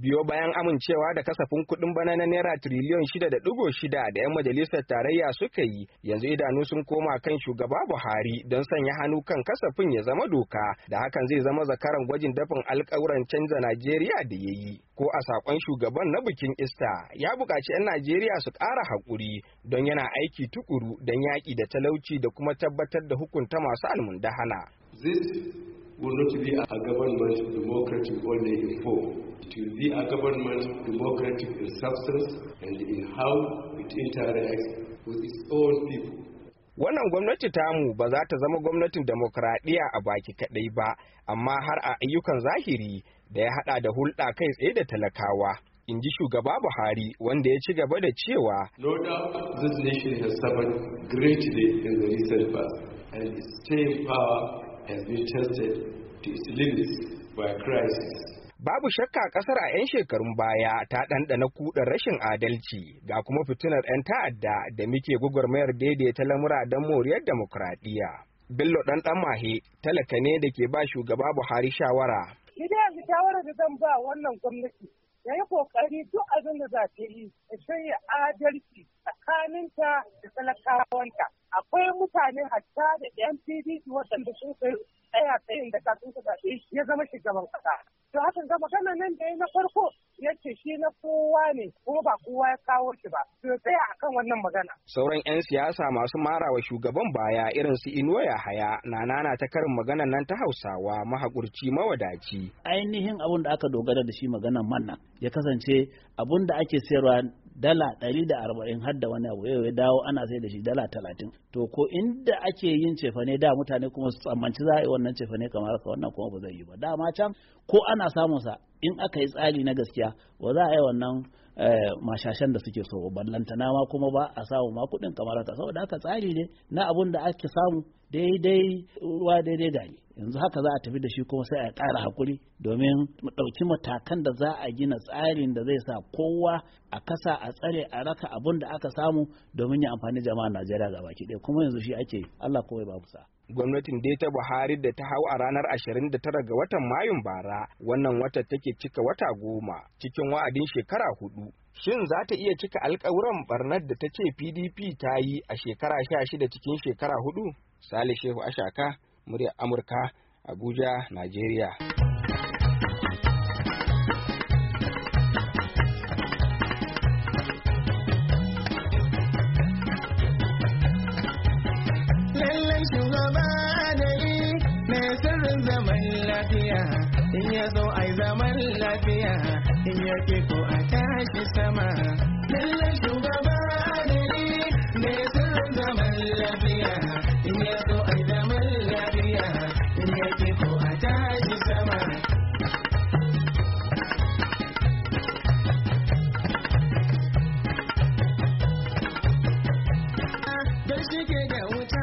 biyo bayan amincewa da kasafin kuɗin bana na naira tiriliyon shida da ɗigo shida da 'yan majalisar tarayya suka yi yanzu idanu sun koma kan shugaba buhari don sanya hannu kan kasafin ya zama doka da hakan zai zama zakaran gwajin dafin alkawuran canza najeriya da ya yi ko a saƙon shugaban na bikin ista ya buƙaci 'yan najeriya su ƙara haƙuri don yana aiki tukuru don yaƙi da talauci da kuma tabbatar da hukunta masu almundahana. will not be a government democratic only in form. It will be a government democratic in substance and in how it interacts with its own people. Wannan gwamnati tamu ba za ta zama gwamnatin demokradiyya a baki kaɗai ba, amma har a ayyukan zahiri da ya haɗa da hulɗa kai tsaye da talakawa. in ji shugaba Buhari wanda ya ci gaba da cewa No doubt this nation has suffered greatly in the recent past and its staying power has been tested to its limits by crisis. Babu shakka kasar a 'yan shekarun baya ta ɗanɗana kuɗin rashin adalci ga kuma fitinar 'yan ta'adda da muke gwagwarmayar daidaita lamura don moriyar demokuraɗiyya. Bello ɗan ɗan mahe talaka ne da ke ba shugaba Buhari shawara. Ina yanzu shawarar da zan ba wannan gwamnati ya yi kokari duk abin da za ta yi ya adalci tsakaninta da talakawanta akwai mutane hatta da yan pdp waɗanda sun kai tsaya tsayin da kafin su zaɓe ya zama shugaban ƙasa to hakan ga magana nan da ya na farko ya ce shi na kowa ne ko ba kowa ya kawo shi ba to tsaya akan wannan magana sauran yan siyasa masu marawa shugaban baya irin su inuwa yahaya na nana ta karin magana nan ta hausawa mahaƙurci mawadaci ainihin abun da aka dogara da shi magana man ya kasance abun da ake sayarwa dala ɗari da arba'in har da wani abu yau ya dawo ana sai da shi dala talatin to ko inda ake yin cefane da mutane kuma su tsammanci za a yi wannan cefane kamar haka wannan kuma ba zai yi ba dama can ko ana samun sa in aka yi tsari na gaskiya ba za a yi wannan eh, mashashen da suke so ballantana ma kuma ba a samu ma kudin kamar saboda haka tsari ne na abun da ake samu daidai ruwa daidai da yanzu haka za a tafi da shi kuma sai a ƙara hakuri domin ɗauki matakan da za a gina tsarin da zai sa kowa a kasa a tsare a raka abun da aka samu domin ya amfani jama'a Najeriya ga baki ɗaya kuma yanzu shi ake Allah kawai babu sa. gwamnatin dai ta buhari da ta hau a ranar 29 ga watan mayun bara wannan wata take cika wata goma cikin wa'adin shekara hudu shin za ta iya cika alkawuran barnar da ta ce pdp ta yi a shekara sha shida cikin shekara hudu sale shehu ashaka murya amurka abuja najeriya lafiya in ya zo ai zaman lafiya in ya ke ko a tashi sama lallai shugaba adali ne sirrin zaman lafiya in ya zo ai zaman lafiya in ya ke ko a tashi sama Don shi ke da wuta